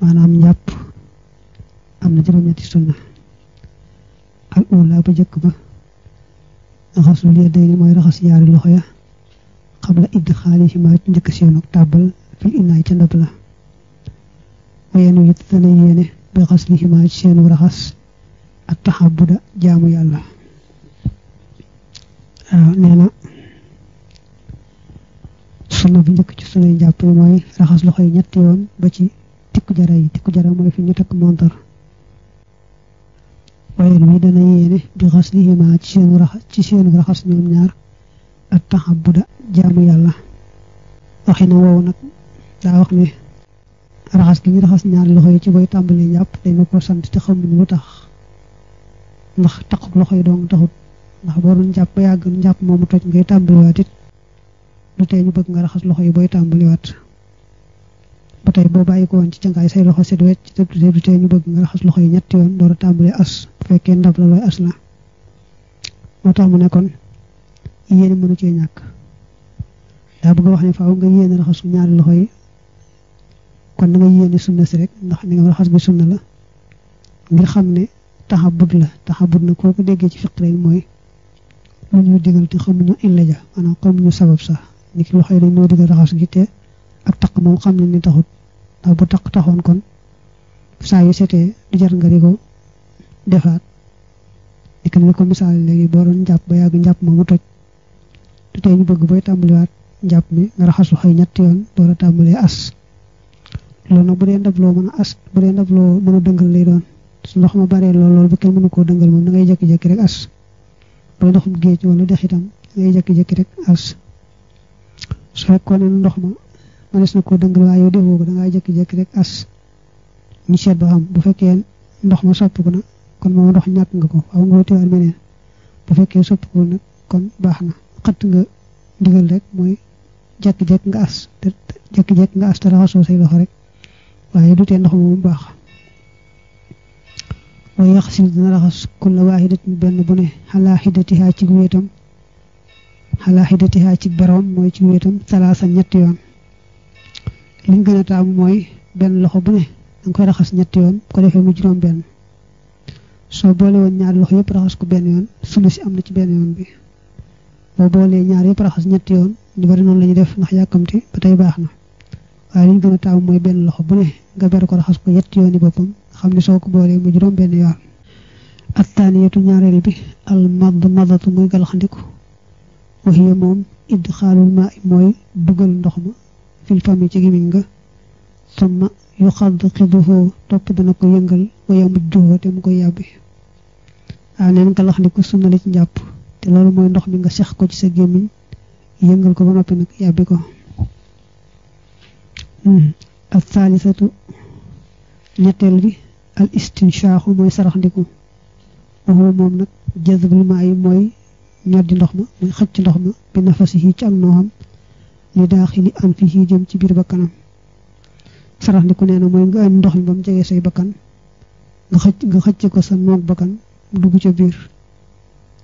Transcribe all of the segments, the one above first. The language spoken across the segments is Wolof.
maanaam njàpp am na juróom-ñetti sunna al ula ba jëkk ba raxasul yadayni mooy raxas ñaari loxo ya xabla idxaali ci maa njëkk seenug tàbbal fil inaay ca ndab la wayeen wi it dana yéene bi xas li ci maa seenu raxas ak taxabuda jaamu yàlla waaw nee na sunna bu njëkk ci sunna njàpp yi mooy raxas loxo yi ñetti yoon ba ci tikku jara yi tikku jara mooy fi ñu takk montar wayeen wi dana yéene bi xas lihima ci seenu raxas ci seenu raxas ñoom ñaar ak da jaamu yàlla waxina woowu nag daa wax ne raxas gi ñu raxas ñaari loxo yi ci booy tàmbali njàpp dañu ko sant te xamuñ lu tax ndax taqub loxo yi doon taxut ndax boo doon jàpp yàgg yàgg njàpp moomu toj ngay tàmbaliwaat it lu tee ñu bëgg nga raxas loxo yi booy tàmbaliwaat ba tey boo bàyyi ko woon ci cangaay loxo set wecc te du tee ñu yi ñetti yoon door a tàmbalee fekkee ndab la looy as tax mu ne kon yéene mënu ñàkk daa bëgg wax ne faaw nga yéene raxasu ñaari loxo yi kon da nga yéene sunna si rek ndax ni nga raxas bi sunna la ngir xam ne taxabut la taxabut na koo ko déggee ci fiq rek mooy lu ñuy digal te xamuñu illa ja maanaam xamuñu sabab sax ni ki loxo yi dañ ñoo digal raxas gi te ak taq moom xam nañ ni taxut ndax bu taq taxoon kon saa yu setee du jar nga di ko defaat léegi ni ko misaal léegi boo doon jàpp ba yàgg njàpp moomu toj te tey bëgg booy tàmbaliwaat njàpp mi nga raxasu xëy ñetti yoon door a tàmbalee as loolu nag bu dee ndab loo mën a as bu dee ndab loo mën a dëngal lay doon su ndox ma baree lool lool ba kenn mënu koo dëngal moom da ngay jékki-jékki rek as bu dee ndoxum géej wala dex itam da jëkk jékki rek as mënees na ko dëngal waaye yow ko da ngaa jékki rek as ñu seet ba xam bu fekkee ndox ma sopp ko na kon moom ndox ñàkk nga ko waaw nga wutiwaat meneen bu fekkee sopp ko nag kon baax na xat nga ndigal rek mooy jékki-jékki nga as te raxasoo say loxo rek waaye du tee ndox moomu baax waaye yaxsil dina raxas kulla waahidatin benn bu ne xalaa xidatihaa ci wéetam xalaa xidatihaa ci beroom mooy ci wéetam salaasa ñetti yoon liñ gën a taamu mooy benn loxo bu ne danga koy raxas ñetti yoon ko defee mu juróom benn soo boole woon ñaari loxo yëpp raxas ko benn yoon sulu si am na ci benn yoon bi boo boolee ñaar yëpp raxas ñetti yoon ñu bari noonu la ñuy def ndax yàkkamti ba tey baax na waaye liñ gën a mooy benn loxo bu nga ber ko raxas ko yetti yoon yi boppam xam ne soo ko boolee mu juróom benn yoon ak taaniyatu ñaareel bi al madd maddatu muy galaxandiku waxiye moom idd xaalul maa mooy dugal ndox ma fil ci gémmiñ nga summa yu xadd xiduhu topp dana ko yëngal waya mujjuhu te mu koy yàbbi waaw leen nga lax ci njàpp te loolu mooy ndox mi nga seex ko ci sa gémmiñ yëngal ko ba noppi nag yàbbi ko hmm. al thaalisatu ñetteel bi al istinshaaxu mooy sarax ndiku waxu moom nag jazbul maa yi mooy ñoddi ndox ma muy xëcc ndox ma bi nafasihi ci ak nooxam li daaxili am fii jëm ci biir bakkanam sarax li ku nee mooy nga ndox mi ba mu jegee say bakkan nga xëcc nga xëcc ko sa noog bakkan dugg ca biir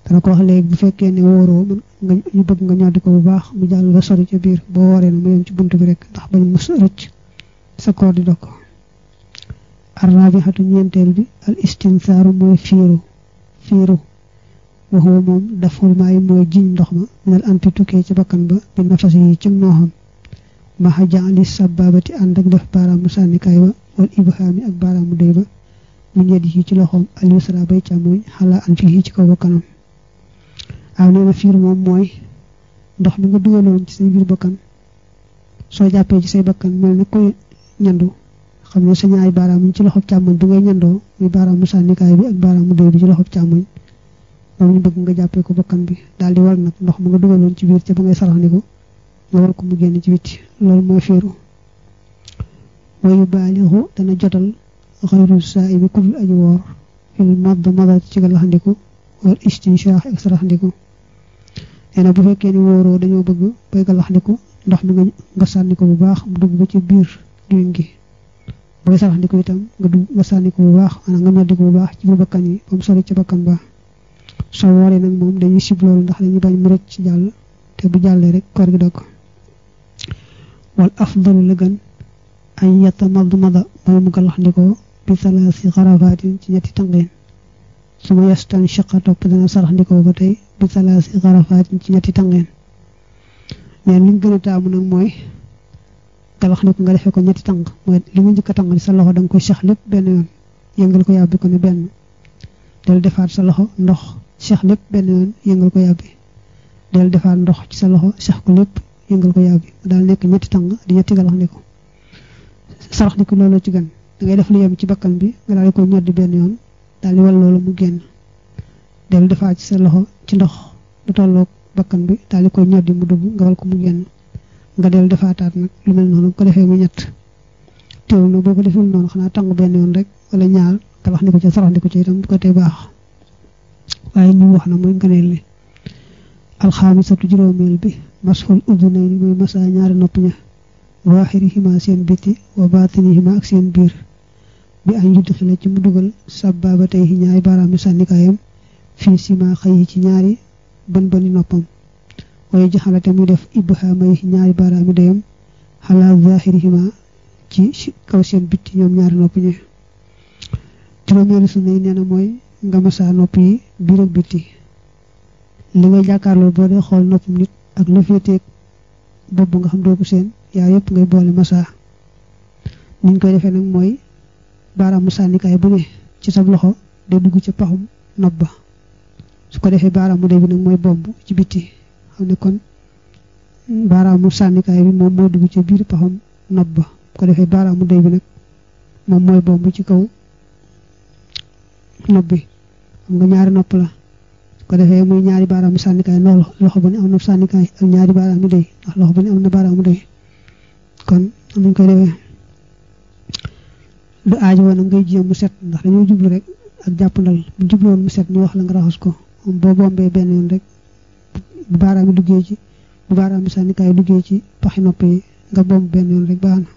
dana ko wax léegi bu fekkee ne wóoroo mën nga ñu bëgg nga ñoddi ko bu baax mu jàll ba sori ca biir boo waree na mu yem ci bunt bi rek ndax bañ mu rëcc sa koor di dog ko arrabihatu ñeenteel bi al istinsaaru mooy fiiru fiiru waxoo moom daful maay mooy jiñ ndox ma minal anti tukkee ci bakkan ba bi nafas yi ci nooxam maxa jaali sababati ànd ak def baaraamu sànnikaay ba wal ibhaami ak baaraamu doy ba min yadi yi ci loxoom al yusra bay càmmoñ xalaa an fii ci kaw bakkanam aw nee na fiir moom mooy ndox mi nga dugaloon ci say biir bakkan soo jàppee ci say bakkan mel ne koy ñandu xam ne sa ñaari baaraam ci loxob càmmoñ bi ngay ñandoo muy baaraamu sànnikaay bi ak baaraamu doy bi ci loxob càmmoñ moom ñu bëgg nga jàppee ko bakkan bi daal di wal nag ndox mu nga dugaloon ci biir ca ba ngay saraxandiku nga wal ko mu génn ci witti loolu mooy fiiru wayu baalixu dana jotal xayru saa yi bi kul aji woor fil madd madat ci nga laxandiku wal istinshaax ak saraxandiku bu fekkee ni wóoroo dañoo bëgg bay nga ndox mi nga nga ko bu baax mu dugg ba ci biir duñ gi booy saraxandiku itam nga dugg nga sànni ko bu baax maanaam nga noddi ko bu baax ci biir bakkan yi ba mu sori ca soo wooree nag moom dañuy sib loolu ndax dañuy bañ mu rëcc jàll te bu jàllee rek koor gi dog wal afdalu la gën ay yetta mad mada mooy mu galax ndikoo bi salaasi ci ñetti tànqeen su ma yestan shaqa topp dana sarax ndikoo ba tey bi salaasi xarafaatin ci ñetti tànqeen neen li ñu gën a taamu nag mooy galax ndiko nga defee ko ñetti tànq mooy li nga njëkk a sa loxo danga nga koy sax lépp benn yoon yëngal ko yàbbi ko ne benn del defaat sa loxo ndox seex lépp benn yoon yëngal ko yàbbi del defaat ndox ci sa loxo seex ko lépp yëngal ko yàbbi daal nekk ñetti tàng di ñetti galax ni ko sarax ni ko loolu ci gën dangay def lu yem ci bakkan bi nga daal di ñoddi benn yoon daal di wal loolu mu génn del defaat ci sa loxo ci ndox lu tollook bakkan bi daal di ko ñoddi mu dugg nga wal ko mu génn nga del defaataat nag lu mel noonu ko defee mu ñett teewul nag boo ko defee noonu xanaa tàng benn yoon rek wala ñaar galax ni ko ca sarax ni ko ca itam ko tee baax waaye ñu wax na mooy ngëneel li alxaamisatu juróomeel bi masxul udunayni mooy masaa ñaari nopp ña waaxirihima seen biti wa baatinihima ak seen biir bi añ yu doxile ci mu dugal sàbbaaba tey ñaari baaraami sànnikaayam fii sima ci ñaari bën bëni noppam waaye jaxalate muy def ibhaama yi ñaari baaraami dayam xalaa zaahirihima ci kaw seen biti ñoom ñaari nopp ña mooy nga masaa nopp yi biir ak biti li ngay jàkkaarlool boo dee xool nopp nit ak la féeteeg bopp nga xam doo ko seen yaa yëpp ngay boole masaa niñ koy defee nag mooy baaraamu sànnikaay bu ne ci sab loxo day dugg ci paxum nopp ba su ko defee baaraamu day bi nag mooy bomb ci biti xam ne kon baaraamu sànnikaay bi moom dugg ci biir paxum nopp ba su ko defee baaraamu day bi nag moom mooy bomb ci kaw nopp bi xam nga ñaari nopp la su ko defee muy ñaari baaraam yu sànnikaay noonu loxo bu ne am na sànnikaay ak ñaari baaraam yu doy ndax loxo bu ne am na baaraam yu doy kon nuñ koy defee du aajo woon ngay jéem mu set ndax jublu rek ak jàppandal bu jubloon mu set ñu wax la nga raxas ko boo bombee benn yoon rek bu baaraam yi duggee ci bu baaraam bi sànnikaay duggee ci paxi nopp yi nga bomb benn yoon rek baax na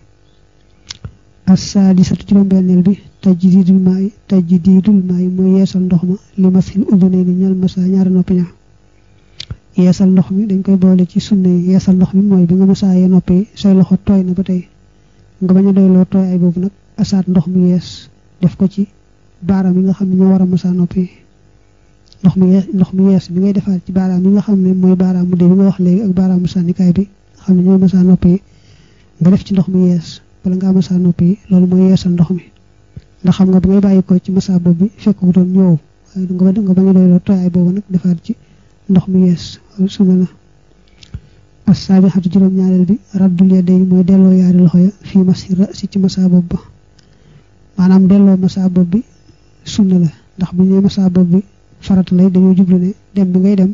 as saadisatu juróom-benneel bi tajdiidul maay tajdiidul maay mooy yeesal ndox ma li mas xin ujunay ni ñal masa ñaari noppi ña yeesal ndox mi dañ koy boole ci sunna yi yeesal ndox mi mooy bi nga masaa yee nopp loxo tooy na ba tey nga bañ a doyloo tooy ay boobu nag asaat ndox mi yees def ko ci baaraam yi nga xam ne war a masaa nopp ndox mu ndox mu yees bi ngay defaat ci baaraam yi nga xam ne mooy baaraam mu dee bi nga wax léegi ak baaraam sànnikaay bi nga xam ne ñooy masaa nopp yi nga def ci ndox mu yees bala ngaa masaa nopp yi loolu mooy yeesal ndox mi ndax xam nga bi ngay bàyyi ko ci massa boobu bi fekk mu doon ñëw waaye du nga ba nga bañ a doyloo tooyaay boobu nag defaat ci ndox mu yees suma la assaabi xatu juróom-ñaareel bi raddul yaday mooy delloo yaari loxo ya fii masi si ci massa boobu ba maanaam delloo massa boobu bi sunna la ndax bu ñëwee massa boobu bi farata lay dañoo jublu ne dem bi ngay dem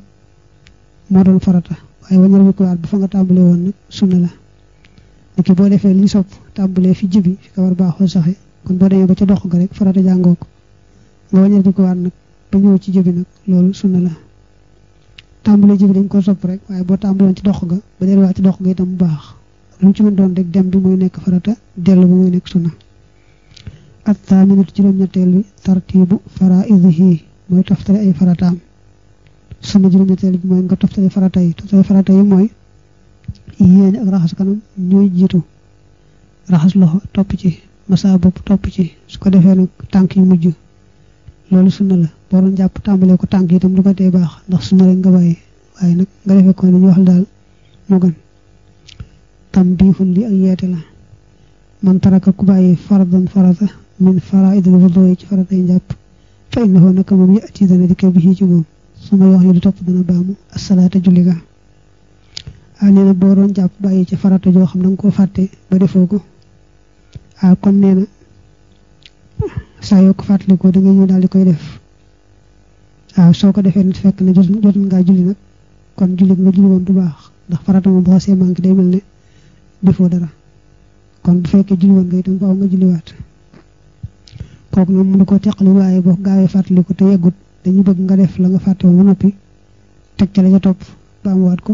moo doon farata waaye wañal bi ko waat ba fa nga tàmbalee woon nag sunna la niki boo defee li sopp tàmbalee fi jibi fi kawar baaxoo kon boo demee ba ca dox ga rek farata jàngoo ko nga wañal di ko waat nag ba ñëw ci jëbi nag loolu sunna la tàmbale jëbi dañ ko sopp rek waaye boo tàmbaloon ci dox ga ba delluwaat ci dox ga itam bu baax lu mu ci mën doon rek dem bi mooy nekk farata dellu bi mooy nekk sunna at taaminatu juróom-ñetteel bi tartibu faraidihi mooy ay farataam sunna juróom-ñetteel bi mooy nga toftale farata yi toftale farata yi mooy yéene ak raxas kanam ñooy jiitu raxas loxo topp ci massa bopp topp ci su ko defee nag tànk yu mujj loolu sunna la boo doon jàpp tàmbalee ko tànk yi tam du ko tee baax ndax sunna rek nga bàyyi waaye nag nga defee ko li ñu wax daal moo gën tam biixul li ak yeete la man taraka ku bàyyi faradan farata min faraidil wudu ci faratay njàpp fa innahu naka moom yati dana dikkee bi ci moom su ma wax ni du topp dana baamu asalaata julli ga nee na boo doon jàpp bàyyi ci farata joo xam na nga koo fàtte ba defoo ko waaw ah, kon nee na saa yoo ko fàttalikoo da nga daal di koy def waaw ah, soo ko defee nit fekk ne jot jot ngaa julli nag kon julli nga julli moom du baax ndax farata moom bu xasee manqué day mel ne defoo dara kon bu fekkee julli woon nga itam faaw nga julliwaat kooku moom mënu koo teqali waaye boo gaawee fàttaliku te yeggut dañuy bëgg nga def la nga fàtte woon ba noppi teg ca la ca topp ba am waat ko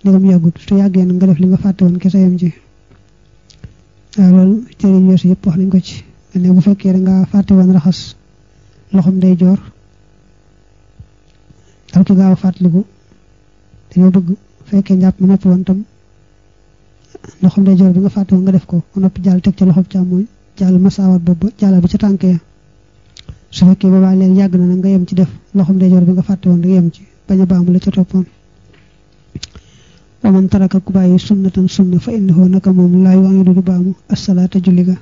ndegam yeggut te yàggee nag nga def li nga fàtte woon kese yam ci waaw loolu jëriñ weesu yëpp wax nañ ko ci ne bu fekkee da ngaa fàtte woon raxas loxoom day joor dal ko gaaw a fàttaliku dañoo bëgg fekkee njàpp mu noppi woon tam loxoom day joor bi nga fàtte woon nga def ko noppi jàll teg ca loxoom càmmooñ jàll masaawaat boobu jàllal ba ca tànk ya su fekkee boobaa leen yàgg na nag nga yem ci def loxoom day joor bi nga fàtte woon nga yem ci bañ a baamu la ca toppoon wa man taraka ku bàyyi sunnatan sunna fa innahu naka moom laa yu'idu du baamu assalaata julli ga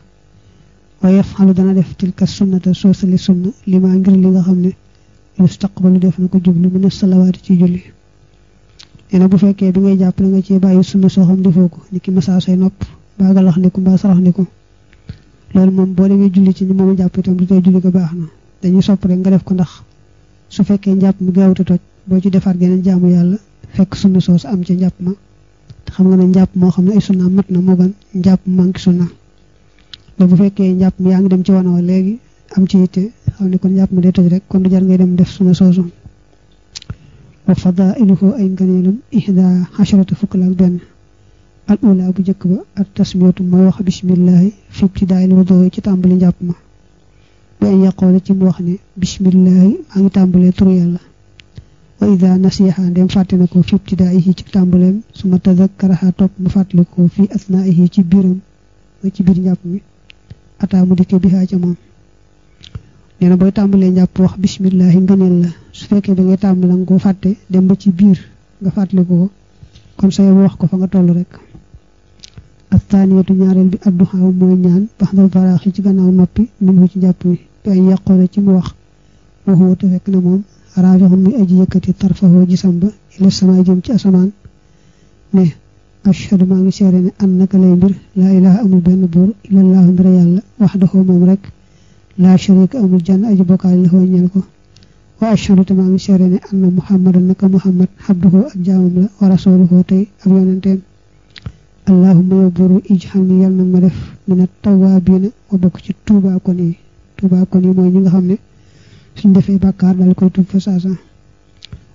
waaye yafalu dana def tilka sunnata soosali sunna li maa ngir li nga xam ne yustaqbalu def na ko jublu mu ne salawaati ci julli nee na bu fekkee bi ngay jàpp na nga ci bàyyi sunna soo xam defoo ko ni ki masaa say nopp mbaa galax ni ko mbaa sarax ni ko loolu moom boo demee julli ci ni moom jàpp itam du tey julli ko baax na dañuy sopp rek nga def ko ndax su fekkee njàpp mu gaawte toj boo ci defar geneen jaamu yàlla fekk sunna soosu am ci njàpp ma xam nga ne njàpp moo xam ne ay sunna mat na moo gën njàpp manque sunna ba bu fekkee njàpp yaa ngi dem ci wa léegi am ci yitte xam ne kon njàpp ma day toj rek kon du jar ngay dem def sunna soosu wa fadailuhu ay ngëneelam ihda asharata fukk la bu njëkk ba at tasmiyatu mooy wax bismillahi fi ibtidaayil wudu ci tàmbali njàpp ma bi an yaqoole ci wa ida nasiha ndem fàtte na ko fi ibtidaayihi ci tàmbaleem su ma tazakkaraha topp mu fàttali ko fi asnaayihi ci biiram mooy ci biir njàpp mi ataa mu dikke bihaa ca moom nee na booy tàmbalee njàpp wax bismillahi ngëneel la su fekkee da ngay tàmbale nga ko fàtte dem ba ci biir nga fàttali ko kon sa yow wax ko fa nga toll rek athaniyatu ñaareel bi adduxaaw mooy ñaan baxdal faraaxi ci gannaaw noppi minu ci njàpp mi bi ay yàqoole ci mu wax waxu raafixun muy aji yëkkati tarfahoo gisam ba ila sama jëm ci asamaan ne ashhadu maa ngi seere ne an naka lay mbir laa ilaha amul benn buur illallahu mbira yàlla waxdahu moom rek laa sharika amul jànn aji bokkaale la ñeel ko wa ashhadu te maa ngi seere ne anna muhammadan naka muhammad xabduhu ak jaamam la wa rasuluhu tey ab yonenteem allahumma yow buuru ijxal ni yàlla nag ma def mina tawaabiina ma bokk ci tuubaa kon yi tuubaa kon yi mooy ñi nga suñ defee bàkkaar daal koy tub fa saasa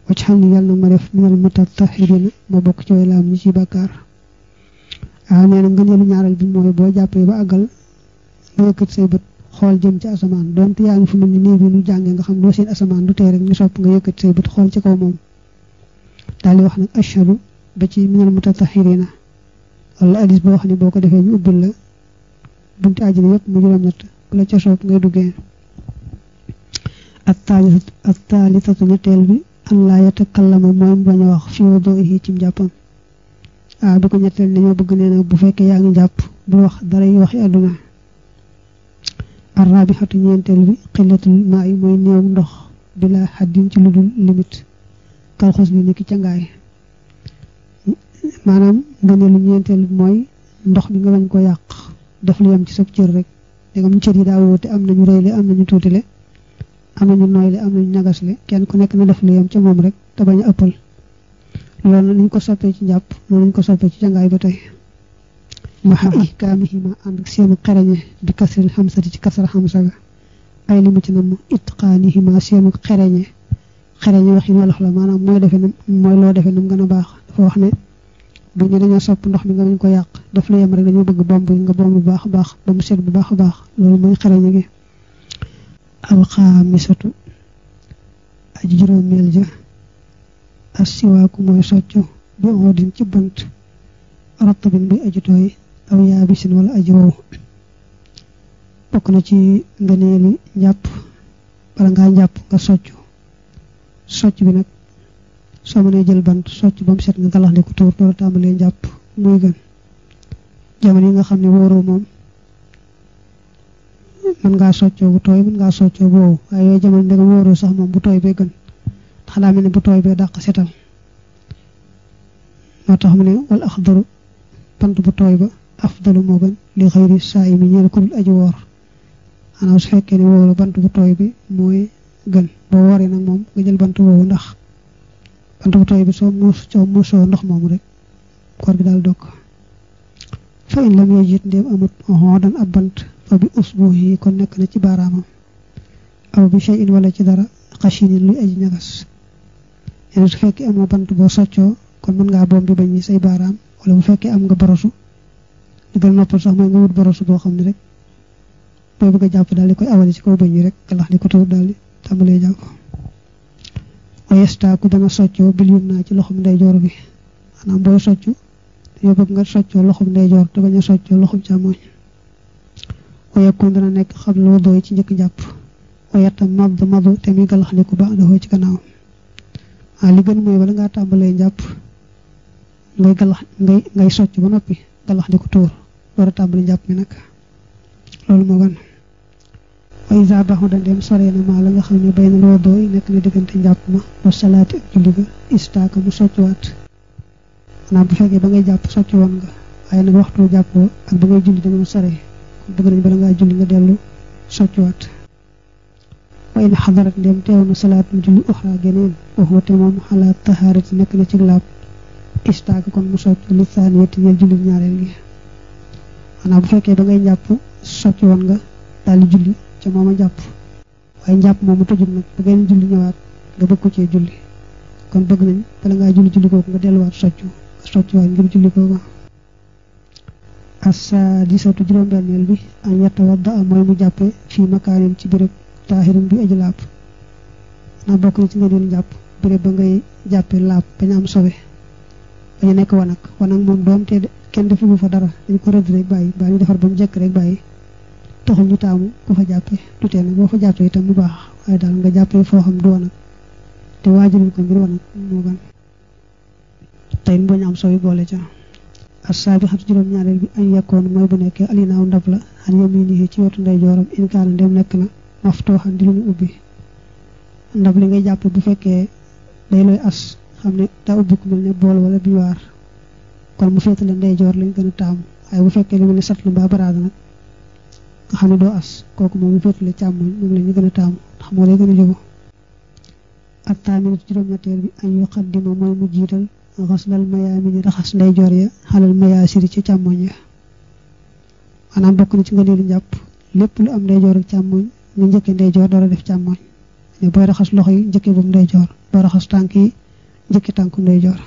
wacc xam ne yàlla na ma def minal mutatahirina ma bokk ci way laam ñi ci bàkkaar waaw ah, nee na ngëneelu ñaareel bi mooy boo jàppee ba àggal nga yëkkat say bët xool jëm ci asamaan donte yaa ngi fu mel ni nii bi ñu jàngee nga xam doo seen asamaan du tee rek ñu sopp nga yëkkat say bët xool ci kaw moom daal di wax nag ashhadu ba ci minal mutatahirina wala hadis boo xam ne boo ko defee ñu ubbil la bunti àjjana yëpp mu juróom-ñett ku la duggee attaalitatu ñetteel bi an laa yatakallama mooy bañ a wax fi wuduihi ci njàppam ah bi ko ñetteel dañoo bëgg nee na bu fekkee yaa ngi jàpp bu wax dara yi waxi àdduna arrabihatu ñeenteel bi xillatul maa yi mooy néew ndox bila xaddin ci lu dul limite kalxus bi cangaay maanaam ngëneelu ñeenteel bi mooy ndox bi nga bañ ko yàq def lu yem ci sab cër rek dégam cër yi daa wóote am nañu rëyle am na ñu tuutile am nañu noyle am nañu ñagasle kenn ku nekk na def lu yem ca moom rek te bañ a ëppal loolu niñ ko soppee ci njàpp loolu niñ ko soppee ci jàngaay ba tey maxa ihkaamihima ànd ak seenu xereñe bi kasril xamsati ci kasra xamsa ga ay li mu ci nam itqaanihima seenu xereñe xereñe wax yi ma lox la maanaam mooy defe na mooy loo defe nam gën a baax dafa wax ne bu ñu dañoo sopp ndox mi nga bañ ko yàq daf la yem rek dañoo bëgg bomb nga bomb bu baax a baax ba mu seet bu baax a baax loolu mooy xereñe gi alxaamisatu aji juróomeel ja assiwaaku mooy soccu bi odin ci bant rattabin bi aji aw yaabisin wala aji wow bokk na ci ngëneeli njàpp bala ngaa njàpp nga soccu socc bi nag soo mënee jël bant socc ba mu set nga galax ko tuur door a tàmbalee njàpp muy gën jamono yi nga xam ne wóoroo moom mën ngaa soccoo bu tooy mën ngaa soccoo bu wow waaye yooyu jamono ndegam wóoroo sax moom bu tooy bee gën ndax daa mel ne bu tooy bee dàq setal moo tax mu ne wal axdaru bant bu tooy ba afdalu moo gën li xëyri saa yi mi ñeel ko dul aji woor maanaam su fekkee ne wóoru bant bu tooy bi mooy gën boo wooree nag moom nga jël bant woowu ndax bant bu tooy bi soo muus soo muusoo ndox moomu rek koor gi daal dokk fa in lam yejit ndéem amut oxon dan ab aw bi usbuux yi kon nekk na ci baaraamam aw bu shay in wala ci dara xashinin luy aji ñagas yenn su fekkee amoo bant boo soccoo kon mën ngaa boom bi bañ ñi say baaraam wala bu fekkee am nga borosu li gën noppal sax mooy nga wut borosu boo xam ne rek boo bëgg jàpp daal di koy awale ci kaw bañ yi rek galax di ko tuur daal di tàmbalee soccoo bil naa ci loxum ndeyjoor bi maanaam booy soccu dañoo bëgg nga soccoo loxum ndeyjoor te bañ a soccoo loxum càmmoñ wa yakun dana nekk xam lu dooy ci njëkk jàpp wa yatta mab mabu te muy galaxandiku ba doxoo ci gannaaw waaw ah, li gën mooy bala ngaa tàmbalee njàpp ngay galax ngay socc ba noppi galaxandiku tuur door a tàmbali njàpp mi nag loolu moo gën wa isa baxu da dem soree na maa la nga xam ne bay na loo dooy nekk na diggante njàpp ma wa salaati ak julli ga istaaka mu soccwaat maanaam bu fekkee ba ngay jàpp socc woon nga waaye nag waxtu jàppoo ak ba ngay julli da nga sore bëgg nañ bala ngaa julli nga dellu soccuwaat wa na xadarat ndem teew na salaatu julli uxra geneen waxuwa te moom xalaat taxaarit nekk na ci laab istaag kon mu soccu li saaniyati ñeel julli ñaareel gi xanaa bu fekkee ba ngay njàpp soccu woon nga daal di julli ca moom a njàpp waaye njàpp moom mu tëjul nag ba ngeen julli ñëwaat nga bëgg ko cee julli kon bëgg nañ bala ngaa julli julli kooku nga delluwaat soccu nga soccuwaat ngir julli kooku assaadisatu uh, juróom-benneel bi an yatawadda a mooy mu jàppe fii makaanin ci béréb taahirin bi aji laab na bokk na ci nga doon jàpp béréb ba ngay jàppee laab bañ am sobe bañu nekk wanag wanag moom doom te kenn defu bu fa dara dañ ko rëdd rek bàyyi baa ñu defar ba mu jekk rek bàyyi toxu ñu taamu ku fa jàppe du tee nag boo fa jàppee itam bu baax waaye daal nga jàppee foo xam du wanag te waajaruñ ko ngir wanag moo gën am sobe boole ca assaabi xat juróom-ñaareel bi añ yekkoon mooy bu nekkee alinaaw ndab la xan yom yi ci wetu ndey jooram inkaana ndem nekk na maftooxan di lu ñu ubbi ndab li ngay jàpp bu fekkee day looy as xam ne daa ubbi ku ne bool wala biwaar kon mu féetale ndey joor lañ gën a taamu bu fekkee lu mel ne satlu mbaa doo as kooku moom mu féetale càmmoñ moom la ñu ndax moo lay gën a jógu ak taaminat juróom-ñetteel bi añ yu xaddima mooy mu jiital xaslal mayaamini raxas ndeyjoor ya xalal mayaasiri ca càmmoñ ya maanaam bokk na ci ngëneelu njàpp lépp lu am ndeyjoor ak càmmoñ nga njëkk ndeyjoor dara def càmmoñ ne booy raxas loxo yi njëkke boobu ndeyjoor booy raxas tànk yi njëkk tànku ndeyjoor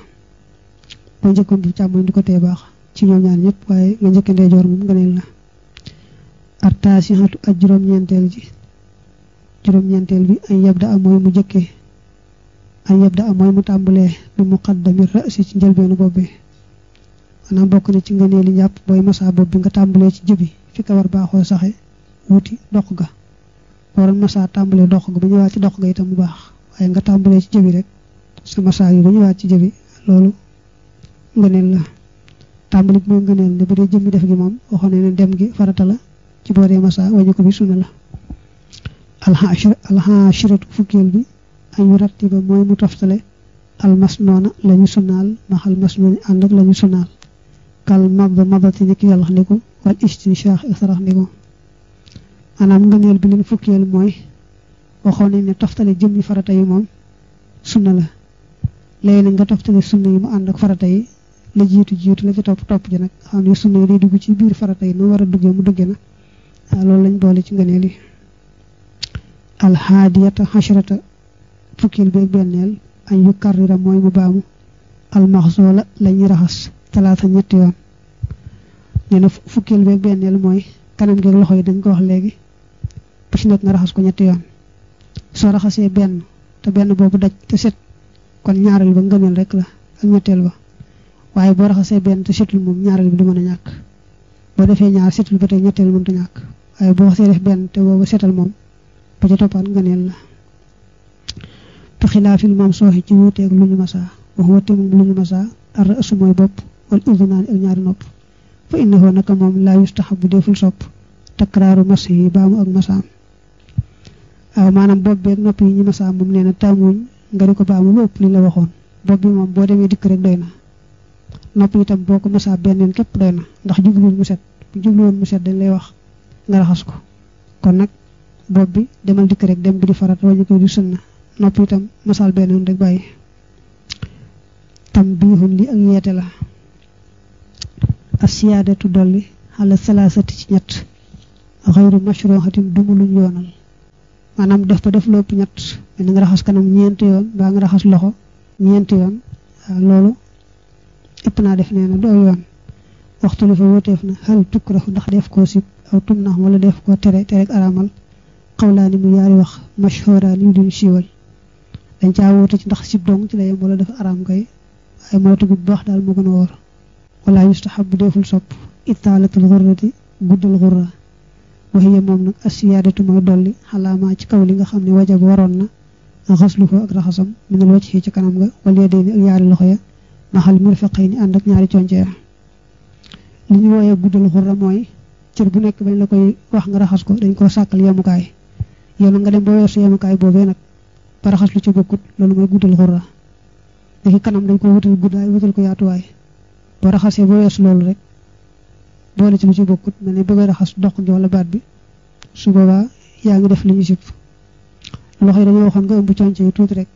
boo njëkkoon bu càmmoñ du ko tee baax ci ñoom ñaar ñëpp waaye nga njëkke ndeyjoor moom ngëneel la artaasi xatu ak juróom-ñeenteel bi ay yab da am mu njëkkee ay yëb da am mu tàmbalee bi muqaddami ra'si ci njëlbeenu bopp bi maanaam bokk na ci nga nee li njàpp booy masa bopp bi nga tàmbalee ci jëbi fi kawar baaxoo saxe wuti dox ga waroon masa tàmbalee dox ga bu ñëwaat ci dox ga itam mu baax waaye nga tàmbalee ci jëbi rek sa masaa yi bu ñëwaat ci jëbi loolu ngëneel la tàmbali bi mooy ngëneel ne bu dee jëmmi def gi moom waxoon ne dem gi farata la ci boo dee masa wañu ko bi sunna la alxaashiratu fukkeel bi ay murattiba mooy mu toftale al masnoona la ñu sonaal maxal masnooni ànd ak la ñu sonaal kal mab mabati ni ki yàllax ndiku wal istinshaax ak sarax ndiku maanaam ngëneel bi leen fukkeel mooy waxoon nañ ne toftale jëm yi farata yi moom sunna la léegi nag nga toftale sunna yi mu ànd ak farata yi la jiitu jiitu la ci topp topp ji nag xam ne sunna yi day dugg ci biir farata yi nu war a duggee mu duggee na loolu lañ boole ci ngëneel yi alxaadiyata xasharata fukkeel beeg benneel añ yu karrira mooy mu baamu la lañuy raxas talaata ñetti yoon nee na fukkeel beeg benneel mooy kanam geeg loxo yi dañ ko wax léegi bu nga raxas ko ñetti yoon soo raxasee benn te benn boobu daj te set kon ñaareel ba ngëmeel rek la ak ñetteel ba waaye boo raxasee benn te setul moom ñaareel bi du mën a ñàkk boo defee ñaar setul ba tey ñetteel mënta ñàkk waaye boo xasee benn te boobu setal moom ba ca toppaat ngëneel la te xilaafil moom sooxi ci wuuteeg lu ñu masaa waxuwa te moom lu ñu masaa ar asu bopp wal udunaan ak ñaari nopp fa innahu naka moom laa bu deful sopp takraaru mas yi baamu ak masaam waaw maanaam bopp beeg nopp yi ñu masaam moom nee na tàmmuñ nga di ko baamu lu ëpp li la waxoon bopp bi moom boo demee dikk rek doy na nopp itam boo ko masaa benn képp doy na ndax jubluwul mu set bu jubluwoon mu set dañ lay wax nga raxas ko kon nag bopp bi demal dikk rek dem di farat wañu koy du nopp itam masal benn yoon rek bàyyi tam biixun li ak yeete la asiyaadatu dolli xala salaasati ci ñett xayru mashruxatin dumu luñ yoonal maanaam def ba def lopp ñett mel na raxas kanam ñeenti yoon baa ngi raxas loxo ñeenti yoon waaw loolu ëpp naa def nee na doo yoon waxtu li fa wóoteef na xal tukrahu ndax def koo sib aw tum nax wala def koo tere tere ak araamal xawlaani mu yaari wax mashhuraani yu duñ siiwal dañ caa wuute ci ndax sib dong ci la yem wala dafa araam kay waaye moytu bu baax daal moo gën a wóor wala yustahab bu deful sopp itaalatul xurrati guddal xurra waxiya moom nag asiyaadatu mooy dolli xalaamaa ci kaw li nga xam ne wajab waroon na a ko ak raxasam minal wacc ci kanam nga wala yedee ni ak loxo ya maxal mirfaqayni ànd ak ñaari conceer li ñu wooyee guddal xurra mooy cër bu nekk bañ la koy wax nga raxas ko dañ koo sàkkal yemukaay yow na nga dem boo yor sa boobee nag ba raxas lu ci bokkut loolu mooy guddal xurra léegi kanam dañ ko wutal guddaay wutal ko yaatuwaay boo raxasee ba weesu loolu rek boole ci lu ci bokkut mel ni bëgg raxas doq gi wala baat bi su boobaa yaa ngi def li ñu sib loxo yi dañoo waxoon nga ëmb conc yi tuuti rek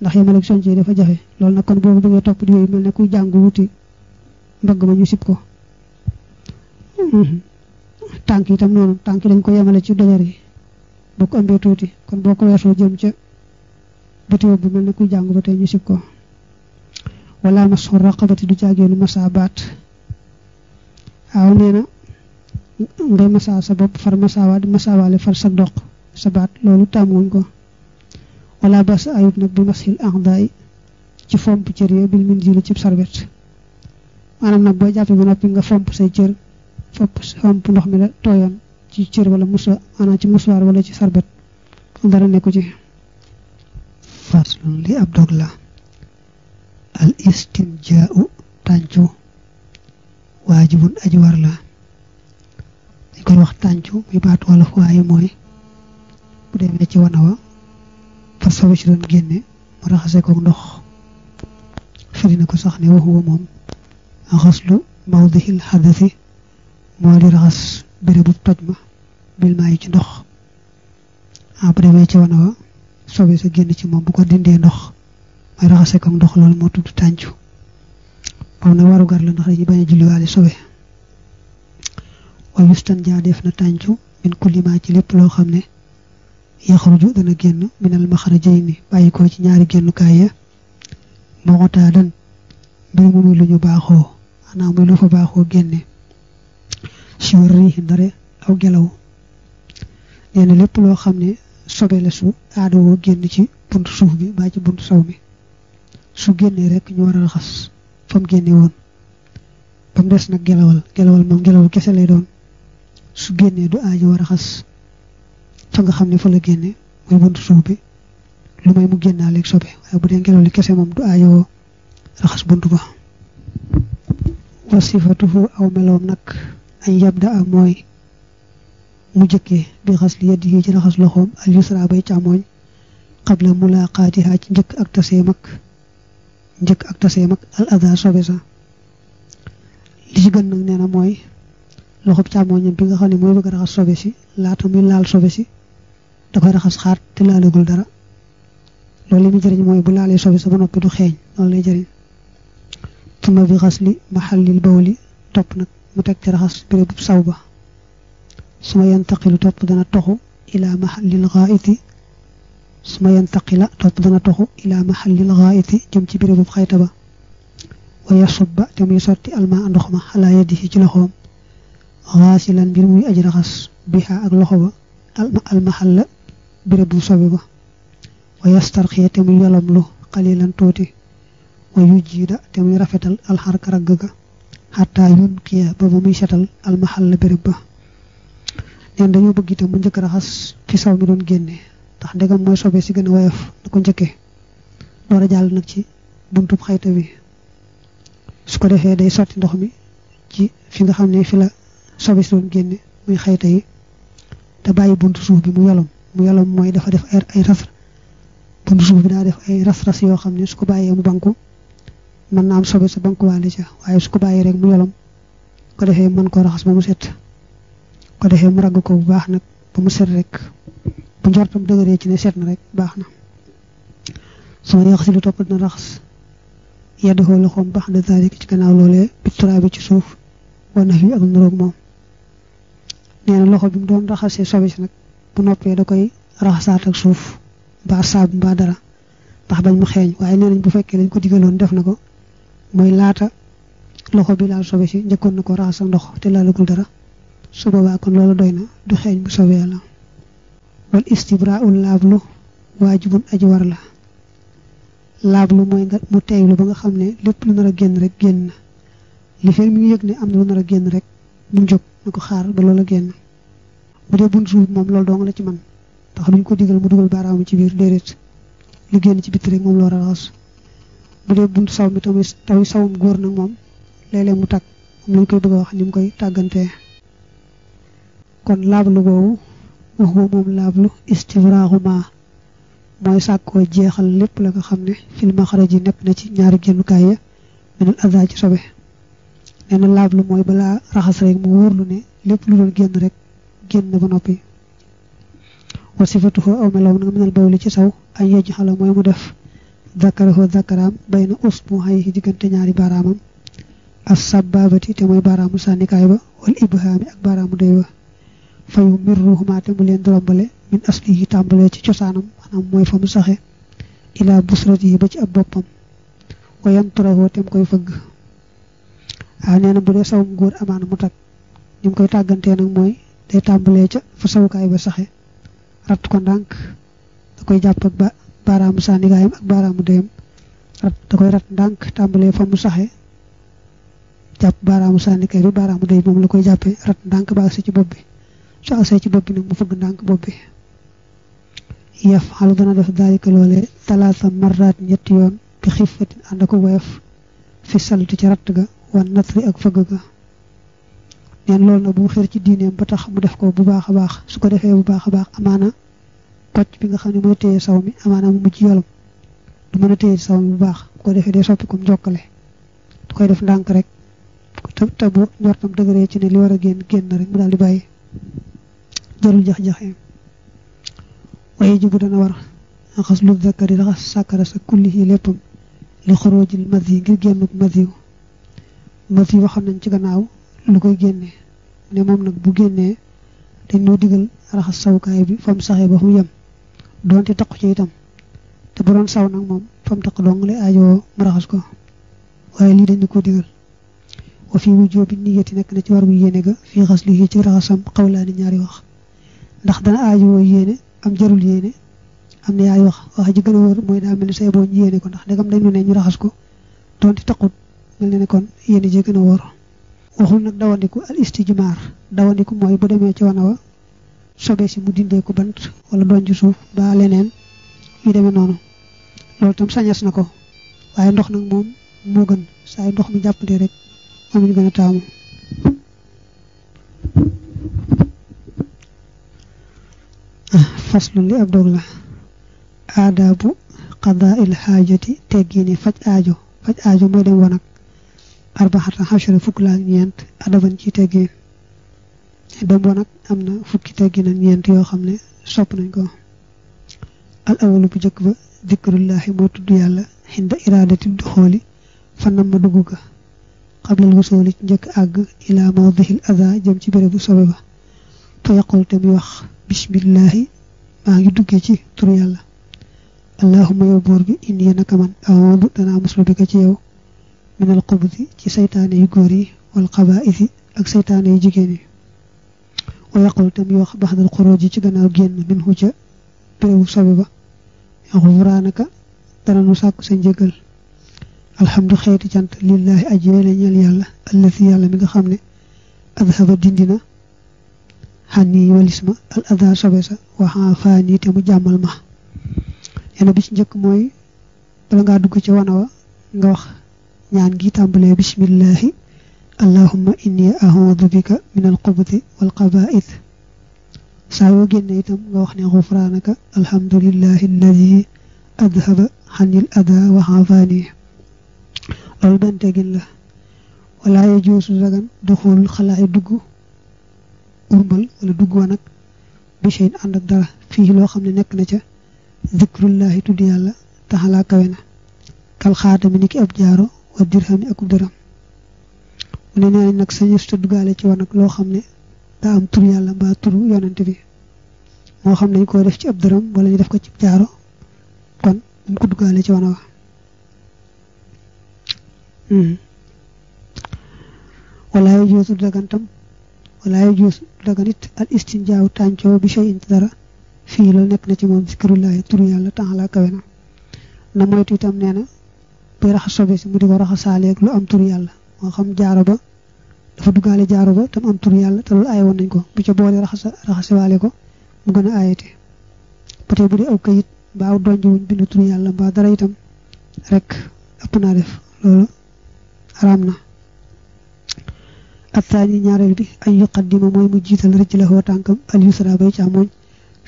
ndax yemaleeg conc yi dafa jafe lool nag kon boobu bëggee topp di yooyu mel ne ku jàng wuti mbagg ma ñu ko mhm. tànk yi tam noonu tànk dañ ko yemale ci dojar yi boo ko ëmbee tuuti kon boo ko weesoo jëm ca batiwa bu mel ni kuy jàng ba tey ñu sib ko wala masxu raqabati du jaageenu masa baat waaw nee na ngay masa sa bopp far masawaat masawaale far sa doq sa baat loolu tàmmuñ ko wala ba sa ayub nag bi masxil a'daay ci fomp cër yee bil min jilu cib sarbet maanaam nag booy jàppee ba noppi nga fomp say cër fopp fomp ndox mi la tooyoon ci cër wala musa maanaam ci musuwaar wala ci sarbet dara nekku ci faslun li ab dog la al istinjaau tàncu waajibun aj war la dañ koy wax tàncu muy baat wolof waaye mooy bu demee ci wana wa fas ci doon génne mu raxase ko ndox firi ko sax ne waxuwa moom xaslu mawdihil xadasi moo di raxas bérébub toj ma bil ci ndox ah bu demee ci wana wa sobe sa génn ci moom bu ko dindee ndox mooy raxase ko ndox loolu moo tudd tàncu boobu nag warugar la ndox dañuy bañ a julliwaale sobe wa yustanja def na tàncu min kulima ci lépp loo xam ne yaxruju dana génn minal maxrajayni bàyyi ko ci ñaari génnukaay ya mootaa dan mbir mu muy lu baaxoo xanaa muy lu fa baaxoo génne si war riixi ndare aw gelaw nee lépp loo xam ne sobe la su aadawoo génn ci buntu suuf bi mbaa ci buntu saw mi su génnee rek ñu war a raxas fa mu génne woon ba des nag gelawal gelawal moom gelawal kese lay doon su génnee du aaji war a raxas fa nga xam ne fa la génne muy buntu suuf bi lu may mu génnaaleeg sobe waaye bu dee li kese moom du aajowoo raxas buntu ba wasifatuhu aw meloom nag añ yabda a mooy mu jëkkee bi xasli yedd yi ci raxas loxoom al yusra bay càmmooñ xabla mulaaqaatiha ci njëkk ak tasee mag njëkk ak tasee mag al ada sa li ci gën nag nee na mooy loxob càmmooñam bi nga xam ne mooy bëgg a raxas sobe si laata muy laal soobe si da koy raxas xaar te laalagul dara loolu li muy jëriñ mooy bu laalee sobe sa ba noppi du xeeñ loolu lay jëriñ tuma bi xasli maxallil bawli topp nag mu teg ci raxas bérébub saw ba suma yantaqilu topp dana toxu ila mahallil ghaayiti suma yantaqila topp dana toxu ila mahallil ghaayiti jëm ci bérébu xayta ba wa yasubba te muy sotti almaa ndox ma xalaa yadihi ci loxoom xaasilan mbir muy aj raxas biha ak loxo ba almahalla bérébu sobe ba wa yastarxiya te muy yolomlu xalilan tuuti wa yujiida te muy rafetal alxarka ragg ga xataa yun xiya ba ba muy setal almahalla béréb neen dañoo bëgg itam mu njëkk raxas fi saw mi doon génne ndax ndegam mooy sobee si gën a woyof na ko njëkkee door jàll nag ci buntub xayta bi su ko defee day sotti ndox mi ci fi nga xam ne fi la sobe si doon génne muy xayta yi te bàyyi buntu suuf bi mu yolom mu yolom mooy dafa def ay ras buntu bi daa def ay ras-ras yoo xam ne su ko bàyyee mu banku mën naa am sobe sa banku waale ca waaye su ko bàyyi rek mu yolom ko defee mën koo raxas ba mu set ko defee mu ragg ko bu baax nag ba mu set rek bu njortam dëgëree ci ne set na rek baax na soo yéex si lu topp na raxas yàddu ko loxoom baax da zaalik ci gannaaw loolee bittura bi ci suuf wane fi ak niroog moom loxo bi mu doon raxasee sobe si nag bu noppee da koy raxasaat ak suuf mbaa saabu mbaa dara ndax bañ mu xeeñ waaye nee nañ bu fekkee dañ ko digaloon def na ko mooy laata loxo bi laal sobe si njëkkoon na ko raxas ak ndox te laalagul dara. su boobaa kon loolu doy na du xeeñ bu la soobee yàlla wal istibraul laablu waajibun aji war la laablu mooy nga mu teeylu ba nga xam ne lépp lu nar a génn rek génn na li fekk mi ngi yëg ne am na lu nar a génn rek mu jóg na ko xaar ba loola génn bu dee bunt suuf moom loolu dong la ci man ndax duñ ko digal mu dugal baaraamu ci biir déedéet li génn ci bitti rek moom loola raxas bu dee bunt saw bi tamit tawi sawum góor nag moom léeg mu tàgg moom lañ koy bëgg wax ni mu koy tàggantee kon laablu boobu wax wa moom laablu istifraaxuma mooy sàkkoo jeexal lépp la ko xam ne fil maxaraji nekk na ci ñaari génnukaay ya menel ada ci sobe nee na laablu mooy balaa raxas rek mu wóorlu ne lépp lu doon génn rek génn ba noppi wa sifatuhu aw melaw na nga mënal bawli ci saw ay yejj xala mooy mu def zakarahu zakaraam bay na usbuhayhi diggante ñaari baaraamam as sababati te mooy baaraamu sànnikaay ba wal ibhaami ak baaraamu doy ba fayu mbir ruuxumaa te mu leen rombale min asli yi tàmbalee ci cosaanam maanaam mooy fa mu saxe ilaa busrat yi ba ci ab boppam wayam turahoo tem koy fëgg waaw nee na bu dee sawum góor amaana mu tag ni koy tàggantee nag mooy day tàmbalee ca fa sawukaay ba saxe rat ko ndànk da koy jàpp ak ba baaraamu sànnikaayam ak baaraamu deyam rat da koy rat ndànk tàmbalee fa mu saxe jàpp baaraamu sànnikaay bi baaraamu dey moom la koy jàppee rat ndànk baag si ci bopp bi su ci bopp bi nag mu fëgg ndànk bopp bi yaf xalu dana def daalika loole talaata marraat ñetti yoon bi xiifatin ànd ak woyof fi saltu ca ratt ga wan natri ak fëgg ga neen loolu nag bu mu ci diineem ba tax mu def ko bu baax a baax su ko defee bu baax a baax amaana kocc bi nga xam ne mooy téye saw mi amaana mu mujj yolam du mën a téye saw mi bu baax bu ko defee day soppi ko njokkale du koy def ndànk rek te te bu njortam dëgëree ci ne li war a génn génn rek mu daal di bàyyi jarul jax-jaxe waaye jibu dana war xas lu zakari raxas sàkkara sa kullihi léppam li xoroojil mas yi ngir génnuk mas yu mas yi waxoon nañ ci gannaaw lu koy génne ne moom nag bu génnee dañ noo digal raxas sawukaay bi fam saxee ba mu yem doonte taq ci itam te bu doon saw nag moom fam taq dong lay aajoo mu raxas ko waaye lii dañu ko digal wa fi wujjoo bi niyati nekk na ci war bu yéene ga fii xas lii ci raxasam xawlaani ñaari wax ndax dana aajowoo yéene am jarul yéene am na yaay wax wax ji gën a mooy daa mel ni say boo ñu yéene ko ndax ndegam dañu ne ñu raxas ko doonte taqut mel na ne nekkoon yéene ji gën a wóor waxul nag dawandiku al istijmaar dawandiku mooy bu demee ci wana wa sobe si mu dindee ko bant wala doon ci suuf ba leneen yu demee noonu loolu tam sañas na ko waaye ndox nag moom moo gën saa yu ndox mi jàppante rek moom ñu gën a taamu faslun li ab dog la aadaabu qadaa'il xaajati teggiini faj aajo faj aajo mooy dem wanag arbaxata xashara fukk la ak ñeent adaban ci teggiin dem wanag am na fukki teggiin ñeent yoo xam ne sopp nañ ko al awalu bu njëkk ba dikrullahi moo tudd yàlla xinda iraadati duxooli fanam ma dugg ga xablal wusooli ci njëkk àgg ilaa mawdihil adaa jëm ci bérébu sobe ba fa yaqul te muy wax bismillahi maa ngi duggee ci turu yàlla allahuma yow buur bi indi man awoodu danaa muslu ko ci yow minal xubuti ci saytaane yu góor yi wal xabaa'isi ak ci gannaaw génn min hu ca bérébu sobe ba xufraanaka dana nu sàkku sa njëgal alhamdu xeeti cant lillahi aji la yàlla allasi yàlla mi nga xam ne adhaba dindi na xànni walis ma al adha sobe sa waxaa ma yenn bi ci mooy bala ngaa ci wana wa nga wax ñaan gi tàmbalee bismillahi allahumma inni a'udhu bika min al xubuti wal qaba'ith saa yoo itam nga wax ne xufraanaka alhamdulillahi alladi adhaba xanil ada wa xafaani loolu benn tegin la yajuusu dagan duxul xalaay dugg ëmbal wala dugg woon ak bicheen ànd ak dara fii loo xam ne nekk na ca zikrullahi tudd yàlla taxalaa kawe na kal xaatami ni ki ab jaaro wa dirhami akub dërëm ne nee nag sañes ta ci woon ak loo xam ne daa am tur bi moo xam nañ koy def ci ab dërëm wala ñu def ko ci jaaro kon mu ko duggaale ci woon a wala yajuusu daganit al istinjaaw tàncoo bi shay in dara fii loolu nekk na ci moom zikrullaahi turu yàlla taala kawe na na moytu itam nee na buy raxas sobe si mu di ko raxasaaleeg lu am turu yàlla moo xam jaaro ba dafa duggaale jaaro ba tam am turu yàlla te loolu aaye woon nañ ko bu ca boole raxas raxasiwaale ko mu gën a aayate ba tey bu dee aw kayit mbaa aw donj wuñ bind turu yàlla mbaa dara itam rek ëpp naa def loolu araam na saa attaani ñaareel bi ay yuqaddima mooy mu jiital rijlahu tànkam al yusra bay càmmoñ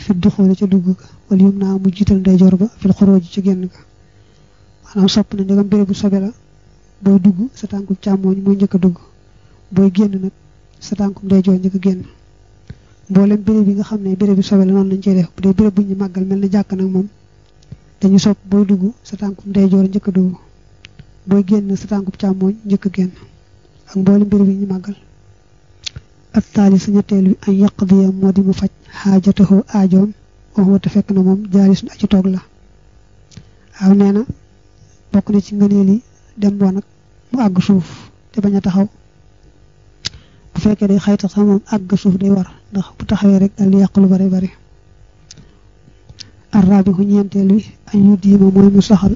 fi duxoole ca dugg ga wal naa mu jiital ndeyjoor ba fil xuruuj ca génn ga maanaam sopp na ndegam bérébu sobe la booy dugg sa tànku càmmoñ mooy njëkk dugg booy génn nag sa tànku ndeyjoor njëkk génn mboolem béréb yi nga xam ne béréb bi sobe la noonu lañ cey def bu dee bu ñu màggal mel na jàkk nag moom dañu sopp booy dugg sa tànku ndeyjoor njëkk a dugg booy génn sa tànku càmmoñ njëkk a génn ak mboolem mbir mi ñu màggal ak taalis ñetteel bi ay yaqdiya moo di mu faj xaajatahu aajoom wax wata fekk na moom jaalis na aji toog la aw nee na bokk na ci ngëneel yi dem boo nag mu àgg suuf te bañ a taxaw bu fekkee day xayta sax moom àgg suuf day war ndax bu taxawee rek daal di yàq lu bare bari arraabi ñeenteel bi añ yu diima mooy mu saxal